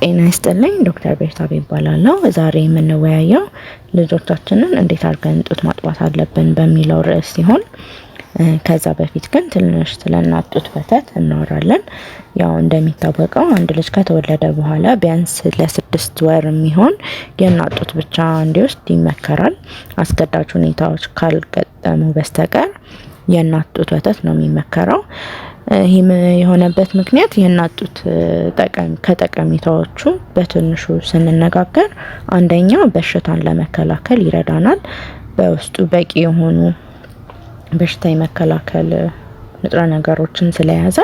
ጤና ይስጥልኝ ዶክተር ቤርታ ይባላለሁ። ዛሬ የምንወያየው ልጆቻችንን እንዴት አድርገን ጡት ማጥባት አለብን በሚለው ርዕስ ሲሆን ከዛ በፊት ግን ትንሽ ስለ እናት ጡት ወተት እናወራለን። ያው እንደሚታወቀው አንድ ልጅ ከተወለደ በኋላ ቢያንስ ለስድስት ወር የሚሆን የእናት ጡት ብቻ እንዲወስድ ይመከራል። አስገዳጅ ሁኔታዎች ካልገጠሙ በስተቀር የእናት ጡት ወተት ነው የሚመከረው። ይህም የሆነበት ምክንያት ይህን አጡት ከጠቀሜታዎቹ በትንሹ ስንነጋገር አንደኛ በሽታን ለመከላከል ይረዳናል። በውስጡ በቂ የሆኑ በሽታ የመከላከል ንጥረ ነገሮችን ስለያዘ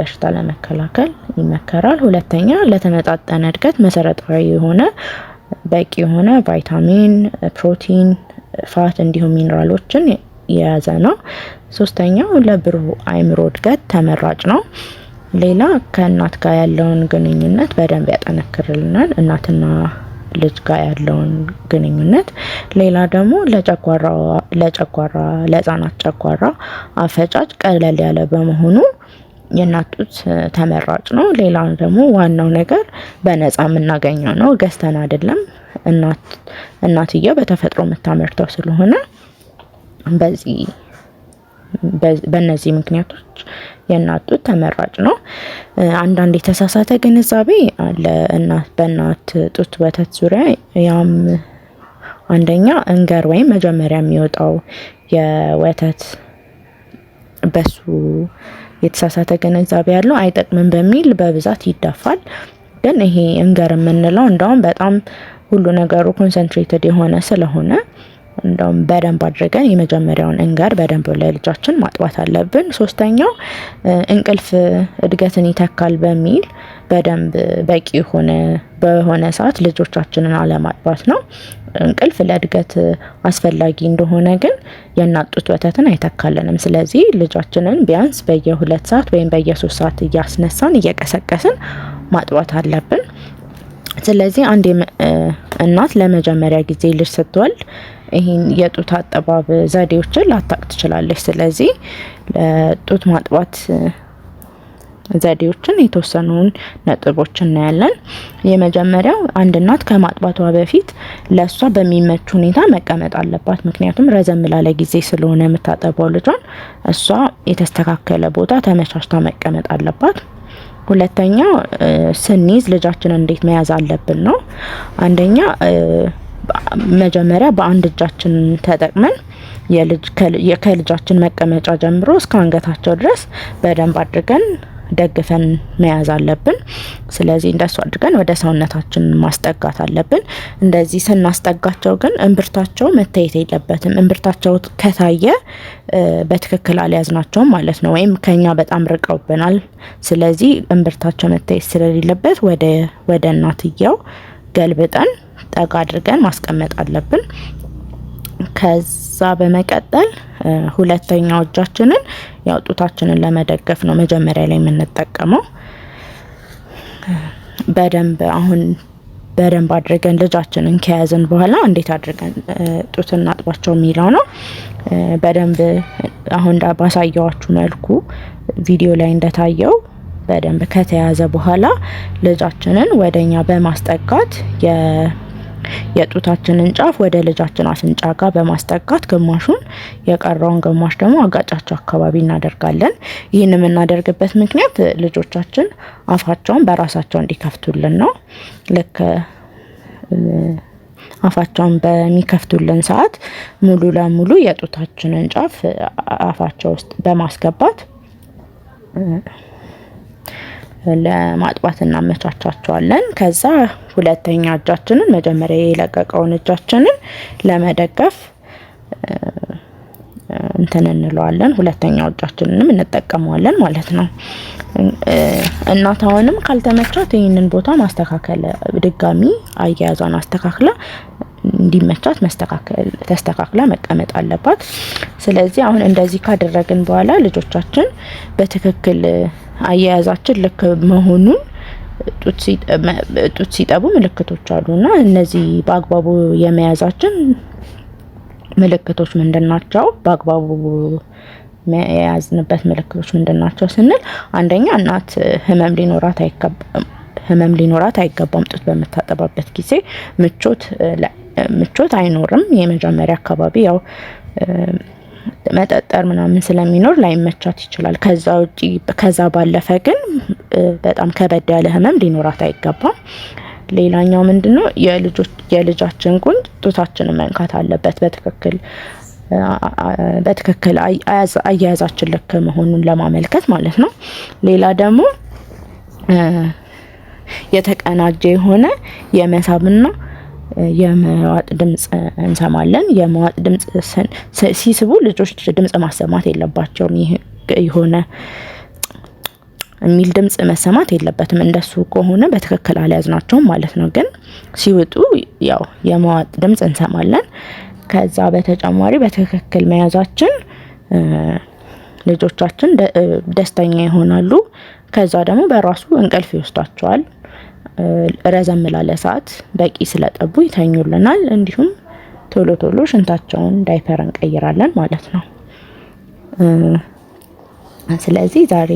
በሽታ ለመከላከል ይመከራል። ሁለተኛ ለተመጣጠነ እድገት መሰረታዊ የሆነ በቂ የሆነ ቫይታሚን፣ ፕሮቲን፣ ፋት እንዲሁም ሚኔራሎችን የያዘ ነው። ሶስተኛው ለብሩህ አይምሮ እድገት ተመራጭ ነው። ሌላ ከእናት ጋር ያለውን ግንኙነት በደንብ ያጠነክርልናል፣ እናትና ልጅ ጋር ያለውን ግንኙነት። ሌላ ደግሞ ለጨጓራ ለጨጓራ ለህጻናት ጨጓራ አፈጫጭ ቀለል ያለ በመሆኑ የእናት ጡት ተመራጭ ነው። ሌላ ደግሞ ዋናው ነገር በነጻ የምናገኘው ነው፣ ገዝተን አይደለም። እናትየው በተፈጥሮ የምታመርተው ስለሆነ በዚህ በእነዚህ ምክንያቶች የእናት ጡት ተመራጭ ነው። አንዳንድ የተሳሳተ ግንዛቤ አለ በእናት ጡት ወተት ዙሪያ። ያም አንደኛ እንገር ወይም መጀመሪያ የሚወጣው የወተት በሱ የተሳሳተ ግንዛቤ ያለው አይጠቅምም በሚል በብዛት ይደፋል። ግን ይሄ እንገር የምንለው እንደውም በጣም ሁሉ ነገሩ ኮንሰንትሬትድ የሆነ ስለሆነ እንደውም በደንብ አድርገን የመጀመሪያውን እንገር በደንብ ለልጃችን ማጥባት አለብን። ሶስተኛው እንቅልፍ እድገትን ይተካል በሚል በደንብ በቂ የሆነ በሆነ ሰዓት ልጆቻችንን አለማጥባት ነው። እንቅልፍ ለእድገት አስፈላጊ እንደሆነ ግን የእናት ወተትን አይተካልንም። ስለዚህ ልጃችንን ቢያንስ በየሁለት ሰዓት ወይም በየሶስት ሰዓት እያስነሳን እየቀሰቀስን ማጥባት አለብን። ስለዚህ አንድ እናት ለመጀመሪያ ጊዜ ልጅ ስትወልድ ይህን የጡት አጠባብ ዘዴዎችን ላታቅ ትችላለች። ስለዚህ ለጡት ማጥባት ዘዴዎችን የተወሰኑን ነጥቦች እናያለን። የመጀመሪያው አንድ እናት ከማጥባቷ በፊት ለእሷ በሚመች ሁኔታ መቀመጥ አለባት። ምክንያቱም ረዘም ላለ ጊዜ ስለሆነ የምታጠባው ልጇን እሷ የተስተካከለ ቦታ ተመቻችታ መቀመጥ አለባት። ሁለተኛው ስንይዝ ልጃችን እንዴት መያዝ አለብን ነው አንደኛ መጀመሪያ በአንድ እጃችን ተጠቅመን ከልጃችን መቀመጫ ጀምሮ እስከ አንገታቸው ድረስ በደንብ አድርገን ደግፈን መያዝ አለብን። ስለዚህ እንደሱ አድርገን ወደ ሰውነታችን ማስጠጋት አለብን። እንደዚህ ስናስጠጋቸው ግን እምብርታቸው መታየት የለበትም። እምብርታቸው ከታየ በትክክል አልያዝናቸውም ማለት ነው፣ ወይም ከኛ በጣም ርቀውብናል። ስለዚህ እምብርታቸው መታየት ስለሌለበት ወደ እናትየው ገልብጠን ጠጋ አድርገን ማስቀመጥ አለብን። ከዛ በመቀጠል ሁለተኛው እጃችንን ያው ጡታችንን ለመደገፍ ነው መጀመሪያ ላይ የምንጠቀመው። በደንብ አሁን በደንብ አድርገን ልጃችንን ከያዝን በኋላ እንዴት አድርገን ጡት እናጥባቸው የሚለው ነው። በደንብ አሁን ባሳየዋችሁ መልኩ ቪዲዮ ላይ እንደታየው በደንብ ከተያዘ በኋላ ልጃችንን ወደኛ በማስጠጋት የጡታችንን ጫፍ ወደ ልጃችን አፍንጫ ጋር በማስጠጋት ግማሹን፣ የቀረውን ግማሽ ደግሞ አጋጫቸው አካባቢ እናደርጋለን። ይህን የምናደርግበት ምክንያት ልጆቻችን አፋቸውን በራሳቸው እንዲከፍቱልን ነው። ልክ አፋቸውን በሚከፍቱልን ሰዓት ሙሉ ለሙሉ የጡታችንን ጫፍ አፋቸው ውስጥ በማስገባት ለማጥባት እናመቻቻቸዋለን። ከዛ ሁለተኛ እጃችንን መጀመሪያ የለቀቀውን እጃችንን ለመደገፍ እንትን እንለዋለን። ሁለተኛው እጃችንንም እንጠቀመዋለን ማለት ነው። እናት አሁንም ካልተመቻት ይህንን ቦታ ማስተካከል ድጋሚ አያያዟን አስተካክላ እንዲመቻት መስተካከል ተስተካክላ መቀመጥ አለባት። ስለዚህ አሁን እንደዚህ ካደረግን በኋላ ልጆቻችን በትክክል አያያዛችን ልክ መሆኑን ጡት ሲጠቡ ምልክቶች አሉና እነዚህ በአግባቡ የመያዛችን ምልክቶች ምንድን ናቸው? በአግባቡ የያዝንበት ምልክቶች ምንድን ናቸው ስንል አንደኛ እናት ህመም ሊኖራት አይገባም። ህመም ሊኖራት አይገባም። ጡት በምታጠባበት ጊዜ ምቾት ምቾት አይኖርም። የመጀመሪያ አካባቢ ያው መጠጠር ምናምን ስለሚኖር ላይመቻት ይችላል። ከዛ ውጪ ከዛ ባለፈ ግን በጣም ከበድ ያለ ህመም ሊኖራት አይገባም። ሌላኛው ምንድነው የልጃችን ጉንጭ ጡታችንን መንካት አለበት በትክክል በትክክል አያያዛችን ልክ መሆኑን ለማመልከት ማለት ነው። ሌላ ደግሞ የተቀናጀ የሆነ የመሳብና የመዋጥ ድምፅ እንሰማለን። የመዋጥ ድምፅ ሲስቡ ልጆች ድምፅ ማሰማት የለባቸውም። የሆነ የሚል ድምፅ መሰማት የለበትም። እንደሱ ከሆነ በትክክል አልያዝናቸውም ማለት ነው። ግን ሲውጡ ያው የመዋጥ ድምፅ እንሰማለን። ከዛ በተጨማሪ በትክክል መያዛችን ልጆቻችን ደስተኛ ይሆናሉ። ከዛ ደግሞ በራሱ እንቅልፍ ይወስዳቸዋል። ረዘም ላለ ሰዓት በቂ ስለጠቡ ይተኙልናል። እንዲሁም ቶሎ ቶሎ ሽንታቸውን ዳይፐር እንቀይራለን ማለት ነው። ስለዚህ ዛሬ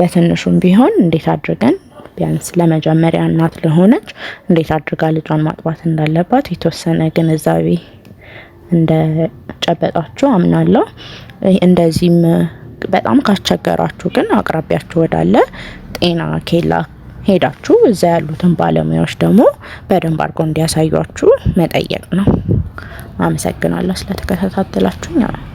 በትንሹም ቢሆን እንዴት አድርገን ቢያንስ ለመጀመሪያ እናት ለሆነች እንዴት አድርጋ ልጇን ማጥባት እንዳለባት የተወሰነ ግንዛቤ እንደጨበጣችሁ አምናለሁ። እንደዚህም በጣም ካስቸገራችሁ ግን አቅራቢያችሁ ወዳለ ጤና ኬላ ሄዳችሁ እዛ ያሉትን ባለሙያዎች ደግሞ በደንብ አድርገው እንዲያሳዩችሁ መጠየቅ ነው። አመሰግናለሁ ስለተከታተላችሁ።